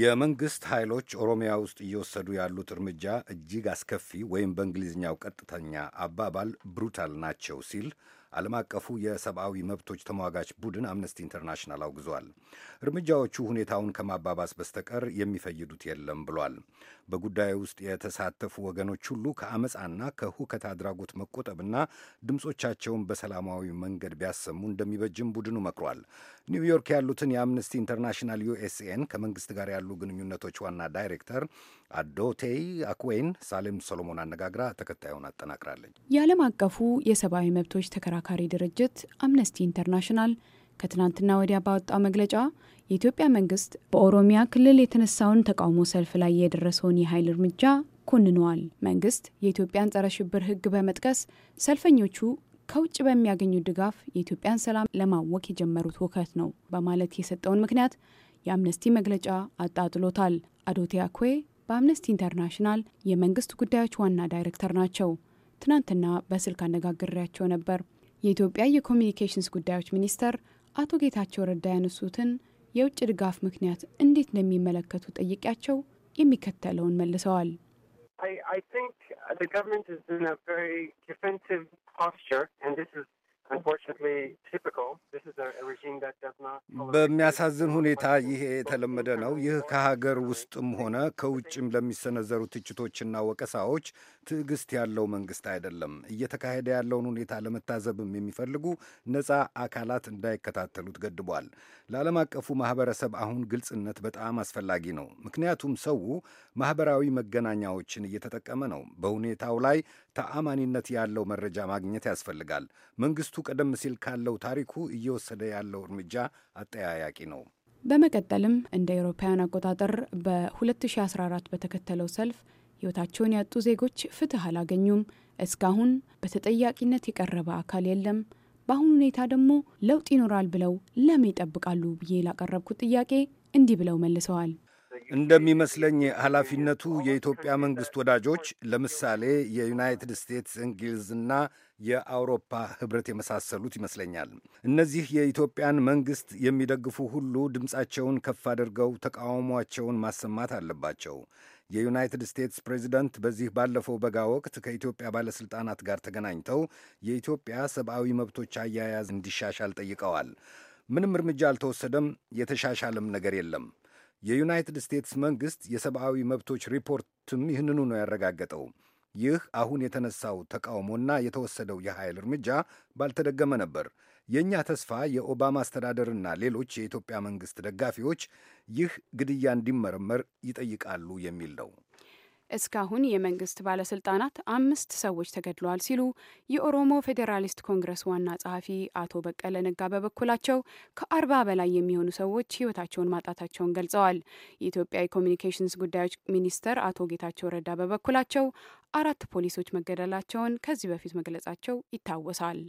የመንግስት ኃይሎች ኦሮሚያ ውስጥ እየወሰዱ ያሉት እርምጃ እጅግ አስከፊ ወይም በእንግሊዝኛው ቀጥተኛ አባባል ብሩታል ናቸው ሲል ዓለም አቀፉ የሰብአዊ መብቶች ተሟጋች ቡድን አምነስቲ ኢንተርናሽናል አውግዟል። እርምጃዎቹ ሁኔታውን ከማባባስ በስተቀር የሚፈይዱት የለም ብሏል። በጉዳዩ ውስጥ የተሳተፉ ወገኖች ሁሉ ከአመፃና ከሁከት አድራጎት መቆጠብና ድምፆቻቸውን በሰላማዊ መንገድ ቢያሰሙ እንደሚበጅም ቡድኑ መክሯል። ኒውዮርክ ያሉትን የአምነስቲ ኢንተርናሽናል ዩኤስኤን ከመንግስት ጋር ያሉ ግንኙነቶች ዋና ዳይሬክተር አዶቴይ አኩዌን ሳሌም ሶሎሞን አነጋግራ ተከታዩን አጠናቅራለች። የዓለም አቀፉ የሰብአዊ መብቶች ተከራካሪ ድርጅት አምነስቲ ኢንተርናሽናል ከትናንትና ወዲያ ባወጣው መግለጫ የኢትዮጵያ መንግስት በኦሮሚያ ክልል የተነሳውን ተቃውሞ ሰልፍ ላይ የደረሰውን የኃይል እርምጃ ኮንነዋል። መንግስት የኢትዮጵያን ጸረ ሽብር ህግ በመጥቀስ ሰልፈኞቹ ከውጭ በሚያገኙት ድጋፍ የኢትዮጵያን ሰላም ለማወክ የጀመሩት ውከት ነው በማለት የሰጠውን ምክንያት የአምነስቲ መግለጫ አጣጥሎታል። አዶቴ አኩዌ በአምነስቲ ኢንተርናሽናል የመንግስት ጉዳዮች ዋና ዳይሬክተር ናቸው። ትናንትና በስልክ አነጋግሬያቸው ነበር። የኢትዮጵያ የኮሚኒኬሽንስ ጉዳዮች ሚኒስተር አቶ ጌታቸው ረዳ ያነሱትን የውጭ ድጋፍ ምክንያት እንዴት እንደሚመለከቱ ጠይቂያቸው የሚከተለውን መልሰዋል። በሚያሳዝን ሁኔታ ይሄ የተለመደ ነው። ይህ ከሀገር ውስጥም ሆነ ከውጭም ለሚሰነዘሩ ትችቶችና ወቀሳዎች ትዕግስት ያለው መንግስት አይደለም። እየተካሄደ ያለውን ሁኔታ ለመታዘብም የሚፈልጉ ነፃ አካላት እንዳይከታተሉት ገድቧል። ለዓለም አቀፉ ማህበረሰብ አሁን ግልጽነት በጣም አስፈላጊ ነው። ምክንያቱም ሰው ማህበራዊ መገናኛዎችን እየተጠቀመ ነው። በሁኔታው ላይ ተአማኒነት ያለው መረጃ ማግኘት ያስፈልጋል። መንግስቱ መንግስቱ ቀደም ሲል ካለው ታሪኩ እየወሰደ ያለው እርምጃ አጠያያቂ ነው። በመቀጠልም እንደ አውሮፓውያን አቆጣጠር በ2014 በተከተለው ሰልፍ ህይወታቸውን ያጡ ዜጎች ፍትህ አላገኙም፣ እስካሁን በተጠያቂነት የቀረበ አካል የለም፣ በአሁኑ ሁኔታ ደግሞ ለውጥ ይኖራል ብለው ለምን ይጠብቃሉ ብዬ ላቀረብኩት ጥያቄ እንዲህ ብለው መልሰዋል። እንደሚመስለኝ ኃላፊነቱ የኢትዮጵያ መንግሥት ወዳጆች ለምሳሌ የዩናይትድ ስቴትስ፣ እንግሊዝና የአውሮፓ ህብረት የመሳሰሉት ይመስለኛል። እነዚህ የኢትዮጵያን መንግሥት የሚደግፉ ሁሉ ድምፃቸውን ከፍ አድርገው ተቃውሟቸውን ማሰማት አለባቸው። የዩናይትድ ስቴትስ ፕሬዚደንት በዚህ ባለፈው በጋ ወቅት ከኢትዮጵያ ባለሥልጣናት ጋር ተገናኝተው የኢትዮጵያ ሰብአዊ መብቶች አያያዝ እንዲሻሻል ጠይቀዋል። ምንም እርምጃ አልተወሰደም፣ የተሻሻለም ነገር የለም። የዩናይትድ ስቴትስ መንግስት የሰብአዊ መብቶች ሪፖርትም ይህንኑ ነው ያረጋገጠው። ይህ አሁን የተነሳው ተቃውሞና የተወሰደው የኃይል እርምጃ ባልተደገመ ነበር። የእኛ ተስፋ የኦባማ አስተዳደርና ሌሎች የኢትዮጵያ መንግስት ደጋፊዎች ይህ ግድያ እንዲመረመር ይጠይቃሉ የሚል ነው። እስካሁን የመንግስት ባለስልጣናት አምስት ሰዎች ተገድለዋል ሲሉ የኦሮሞ ፌዴራሊስት ኮንግረስ ዋና ጸሐፊ አቶ በቀለ ነጋ በበኩላቸው ከአርባ በላይ የሚሆኑ ሰዎች ህይወታቸውን ማጣታቸውን ገልጸዋል። የኢትዮጵያ የኮሚኒኬሽንስ ጉዳዮች ሚኒስተር አቶ ጌታቸው ረዳ በበኩላቸው አራት ፖሊሶች መገደላቸውን ከዚህ በፊት መግለጻቸው ይታወሳል።